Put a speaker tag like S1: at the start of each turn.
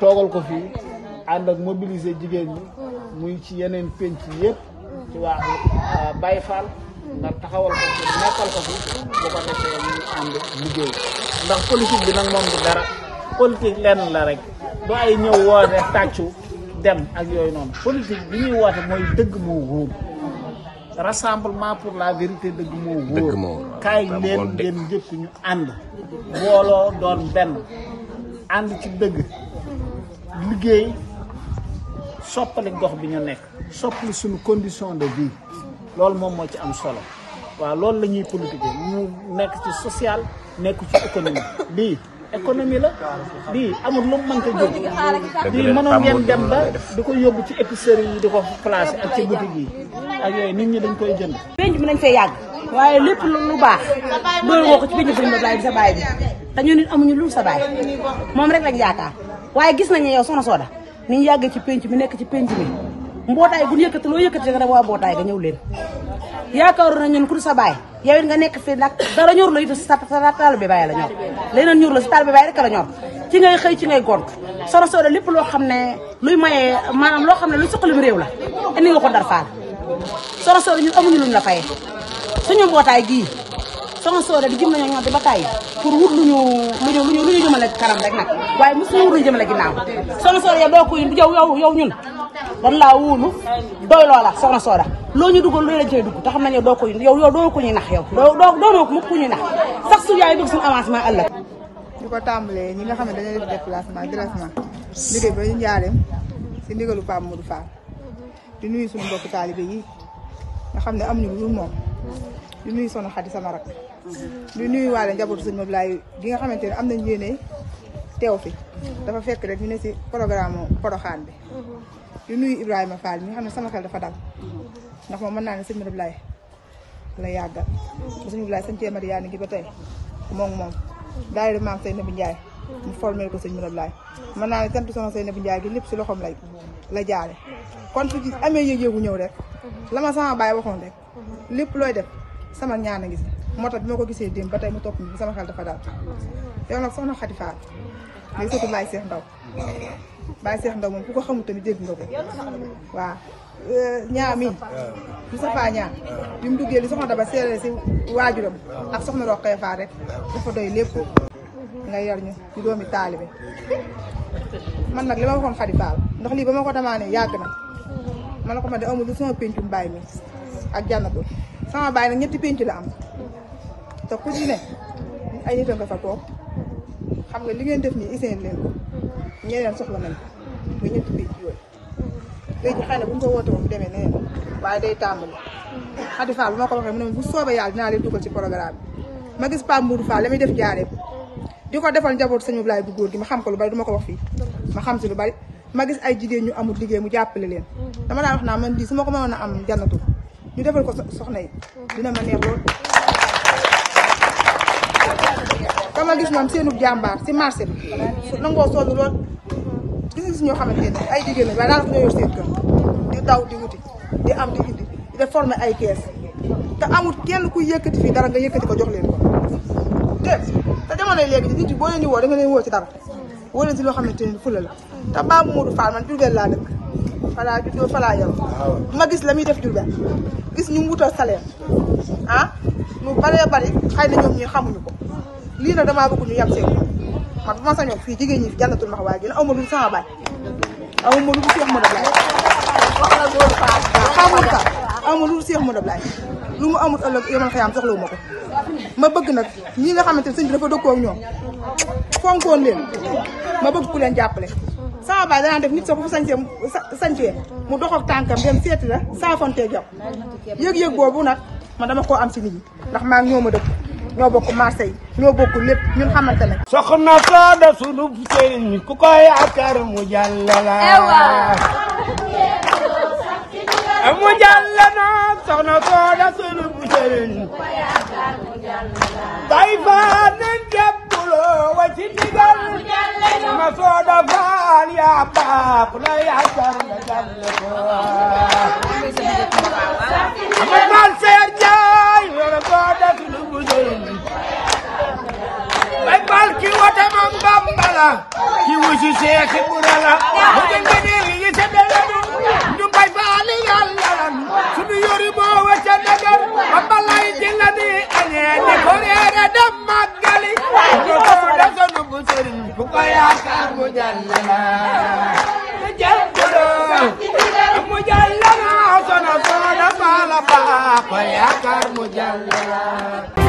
S1: toogal ko fii ànd ak mobiliser jigéen ñi muy ci yeneen penc yëpp ci waa euh, Baye Fall ndax taxawal ko fi bu ko defee ñu ànd liggéey ndax politique bi nag moom du dara politique lenn la rek du ay ñëw woote tàccu dem ak yooyu noonu politique bi ñuy woote mooy dëgg moo wóor rassemblement pour la vérité dëgg moo wóor kaay leen ngeen njëkk ñu ànd booloo doon benn ànd ci dëgg liggéey soppali gox bi ñu nekk soppali suñu condition de vie loolu moom moo ci am solo waaw loolu la ñuy politique mu nekk ci social nekk ci économie lii économie la lii amul lu mu mënta jóg lii mënoon ngeen dem ba di ko yóbbu ci épicerie yi di ko placé ak ci boutique yi ak yooyu nit ñi dañ koy jënd
S2: penc bi nañ fee yàgg waaye
S1: lépp lu lu baax loolu woo ko ci penc bi sa baay bi te
S2: ñu amuñu lu sa baay moom rek lañ yaakaar waaye gis nañu yow soxna Soda ni ñu yàggee ci penc mi nekk ci penc mi mbootaay bu ñu yëkkati loo yëkkati nga dem waa mbootaay ga ñëw leen yaakaaroon na ñun ku sa baay yow it nga nekk fii nag dara ñor la it sa taalibe baay la ñor leneen ñor la sa taalibe baay rek la ñor ci ngay xëy ci ngay gont soxna Soda lépp loo xam ne luy maye maanaam loo xam ne luy suqalim réew la indi nga ko Ndar Fall soxna Soda ñun amuñu luñ la fayee suñu mbootaay gii soxna Soda di jëm nañoo ñoom di ba tàyyi pour wut luñu luñu jëmale kanam rek nag waaye mosu wóor ñu jëmale ginnaaw soxna Sooda yow doo ko yow yow yow ñun dan laa wóolu doy loola soxna Sooda loo ñu dugal loo te xam nañu doo ko yow yow doo ko ñuy nax yow doo doo ko ku ñuy nax sax su yaay ñu ko tàmbalee ñi nga xam ne dañoo def déplacement déplacement liggéey ba ñu njaareem si ndigalu Pape Modou Fall di nuyu suñu mbokk taalibe yi nga xam ne am ñu lu moom di nuyu soon Xadi sama rak ñu nuyuwaale njabootu sëñ Mablaay gi nga xamante ne am nañ yéene teew fi dafa fekk rek ñu ne si programme poroxaan bi di nuyu Ibrahima Fall mi nga xam ne sama xel dafa dal ndax moom mën naa ne sëñ Mablaay la yàggal ba sëñ Mablaay sañ cee Mariyaani gi ba tey moom moom daay di maam Seynabou Ndiaye mu formé ko sëñ Mablaay mën naa ne sant sama Seynabou Ndiaye gi lépp si loxoom lay la jaare kon su ci amee yëg-yëgu ñëw rek la ma sama baay waxoon rek lépp looy def sama ñaan a ngi si moo tax bi ma ko gisee démb ba tey mu topp bi sama xel dafa daal yow nag soxna Khady Fall day sotti Baye Cheikh Ndaw Baye seex Ndaw moom ku ko xamul tamit dégg nga ko waaw ñaa euh, mi mu duggee li soxna daba seere si waajuram ak soxna Rokhaya Fall rek dafa doy lépp nga yar ñu ci doomi taalibe man nag li ma waxoon Khady Fall ndax lii ba ma ko damaane yàgg na ma na ko man de amul lu sama péncum baay mi ak jànnatul sama baay nag ñetti pénc la am te ku ci ay nit a nga fa toog xam nga li ngeen def nii iseen leen ko ñeneen soxla nañ ko muy ñetti picc yooyu léegi xëy na bu ñu ko woote woon demee nee waaye day tàmbali Khady Fall bu ma ko ne bu soobee yàlla dinaa leen dugal ci programme bi ma gis Pape Moudou muy def jaaree di ko defal njaboot sañu laay bu góor gi ma xam ko lu bari du ma ko wax fii ma xam si lu bari ma gis ay jigéen ñu amul liggéey mu jàppale leen dama daan wax naa man di su ma ko mënoon a am jannatu ñu defal ko soxna yi dina ma neex lool dama gis ñoom seenu jàmbaar si marché bi nangoo sonn lool gis si ñoo xamante ne ay jigéen la waaye daanaka ñoo yor seen kër di daw di wuti di am di indi di def ay kees te amul kenn ku yëkkati fii dara nga yëkkati ko jox leen ko te te jamono léegi nit ñi boo leen di woo da nga leen woo ci dara woo leen si loo xamante ne ful la te Babou Modou Fall man Diourbel laa dëkk falaa juddoo falaa yow ma gis la muy def Diourbel gis ñu mu wutal salaire ah mu baree bari xamuñu ko lii nag damaa bëgg ñu yem seen moom man bu ma sañoon fii jigéen ñi fi jàllatul ma waaye gën aw ma lu sama baay aw ma lu Cheikh Modou Ablaye xamul ka mu amut ëllëg yomal xayaam ma ma bëgg nag ñi nga xamante ne sëñ bi dafa dëkkoo ak ñoom fonkoon leen ma bëgg ku leen jàppale sama baay danaan def nit sax bu fa mu dox ak tànkam dem seeti la saafantee jaw yëg-yëg boobu nag man dama koo am si nit ndax maa ngi ñoo ma dëkk ñoo bokk marché yi ñoo bokk lépp ñun xamante ne.
S3: soxna Sada sunu sëriñ ku ko yaakaar mu jàllala. mu jàllala soxna Sada sunu sëriñ. day faal nañ jàppuloo wa ci digal. ma Soda Faal yaa baax la yaakaar nga jàll ko. la ci wusu Seex Ibra la mu dem ba déllu yi ca déllu ñu bay fa ali yàlla lan sunu yori boo wa ca dagar ba balay jëla di añee ne ko reere dem màggali ñu ko da sunu bu sëriñ bu ko yaakaar mu jàll la jël mu jàll la sono sono fa la fa ko yaakaar mu jàll la